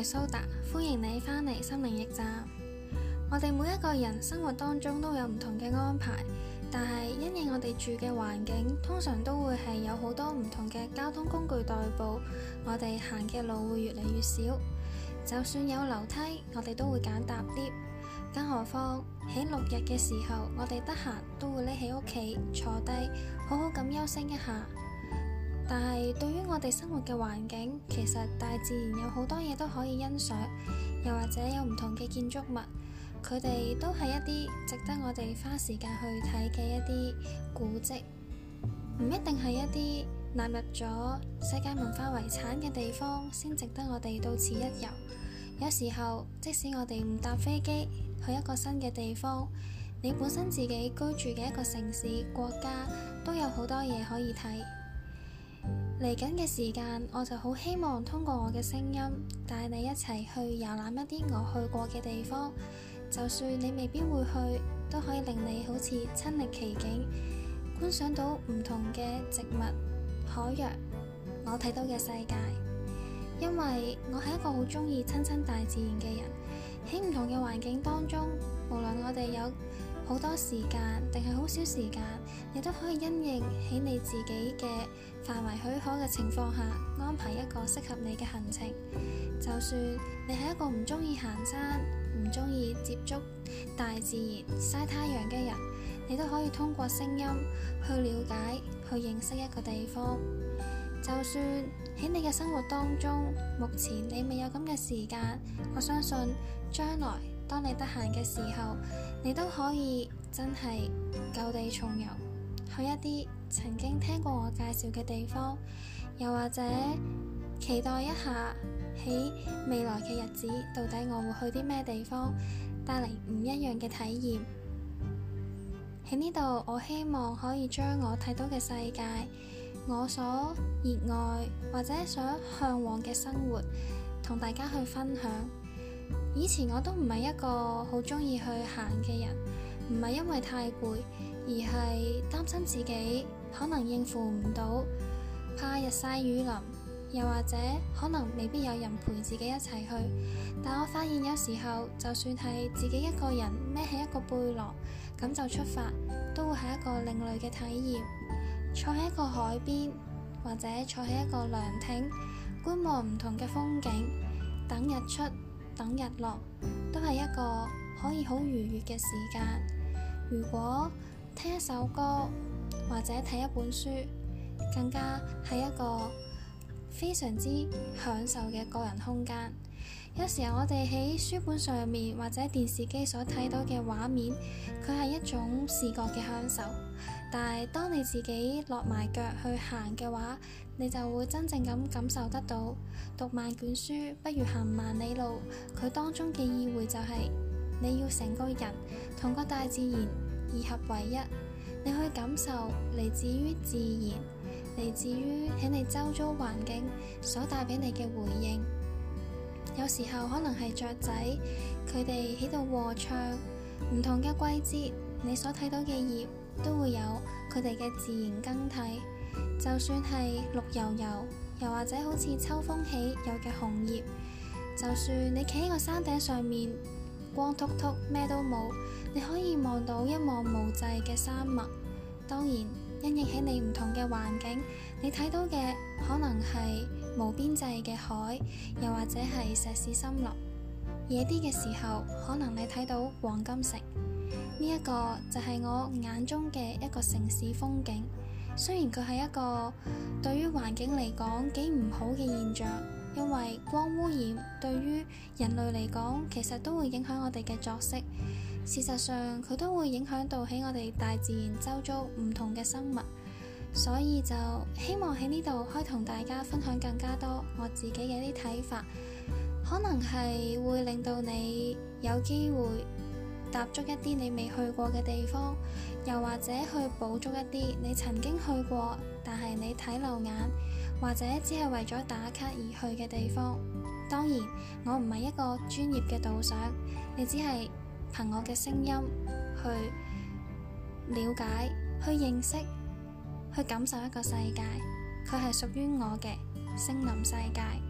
我係 Soda, 歡迎你返嚟心靈驛站。我哋每一個人生活當中都有唔同嘅安排，但係因應我哋住嘅環境，通常都會係有好多唔同嘅交通工具代步，我哋行嘅路會越嚟越少。就算有樓梯，我哋都會揀搭 𨋢。更何況喺六日嘅時候，我哋得閒都會匿喺屋企坐低，好好咁休息一下。但係，對於我哋生活嘅環境，其實大自然有好多嘢都可以欣賞，又或者有唔同嘅建築物，佢哋都係一啲值得我哋花時間去睇嘅一啲古蹟。唔一定係一啲納入咗世界文化遺產嘅地方先值得我哋到此一遊。有時候，即使我哋唔搭飛機去一個新嘅地方，你本身自己居住嘅一個城市、國家都有好多嘢可以睇。嚟緊嘅時間，我就好希望通過我嘅聲音帶你一齊去遊覽一啲我去過嘅地方。就算你未必會去，都可以令你好似親歷其境，觀賞到唔同嘅植物、海洋。我睇到嘅世界，因為我係一個好中意親親大自然嘅人。喺唔同嘅環境當中，無論我哋有。好多時間定係好少時間，你都可以因應喺你自己嘅範圍許可嘅情況下安排一個適合你嘅行程。就算你係一個唔中意行山、唔中意接觸大自然、曬太陽嘅人,你都可以通過聲音去了解、去認識一個地方。就算喺你嘅生活當中，目前你未有咁嘅時間，我相信將來。當你得閒嘅時候，你都可以真係舊地重遊，去一啲曾經聽過我介紹嘅地方，又或者期待一下喺未來嘅日子，到底我會去啲咩地方，帶嚟唔一樣嘅體驗。喺呢度，我希望可以將我睇到嘅世界，我所熱愛或者想向往嘅生活，同大家去分享。以前我都唔係一個好中意去行嘅人，唔係因為太攰，而係擔心自己可能應付唔到，怕日曬雨淋，又或者可能未必有人陪自己一齊去。但我發現有時候就算係自己一個人孭起一個背囊咁就出發，都會係一個另類嘅體驗。坐喺一個海邊，或者坐喺一個涼亭，觀望唔同嘅風景，等日出。等日落都係一個可以好愉悅嘅時間。如果聽一首歌或者睇一本書，更加係一個非常之享受嘅個人空間。有時候我哋喺書本上面或者電視機所睇到嘅畫面，佢係一種視覺嘅享受。但係當你自己落埋腳去行嘅話，你就會真正咁感受得到。讀萬卷書不如行萬里路，佢當中嘅意會就係、是、你要成個人同個大自然二合為一，你去感受嚟自於自然嚟自於喺你周遭環境所帶俾你嘅回應。有時候可能係雀仔佢哋喺度和唱，唔同嘅季節你所睇到嘅葉。都會有佢哋嘅自然更替，就算係綠油油，又或者好似秋風起有嘅紅葉。就算你企喺個山頂上面，光禿禿咩都冇，你可以望到一望無際嘅山脈。當然，因應喺你唔同嘅環境，你睇到嘅可能係無邊際嘅海，又或者係石屎森林。夜啲嘅時候，可能你睇到黃金城，呢一個就係我眼中嘅一個城市風景。雖然佢係一個對於環境嚟講幾唔好嘅現象，因為光污染對於人類嚟講其實都會影響我哋嘅作息。事實上，佢都會影響到喺我哋大自然周遭唔同嘅生物。所以就希望喺呢度可以同大家分享更加多我自己嘅啲睇法。可能係會令到你有機會踏足一啲你未去過嘅地方，又或者去捕捉一啲你曾經去過但係你睇漏眼或者只係為咗打卡而去嘅地方。當然，我唔係一個專業嘅導賞，你只係憑我嘅聲音去了解、去認識、去感受一個世界。佢係屬於我嘅聲臨世界。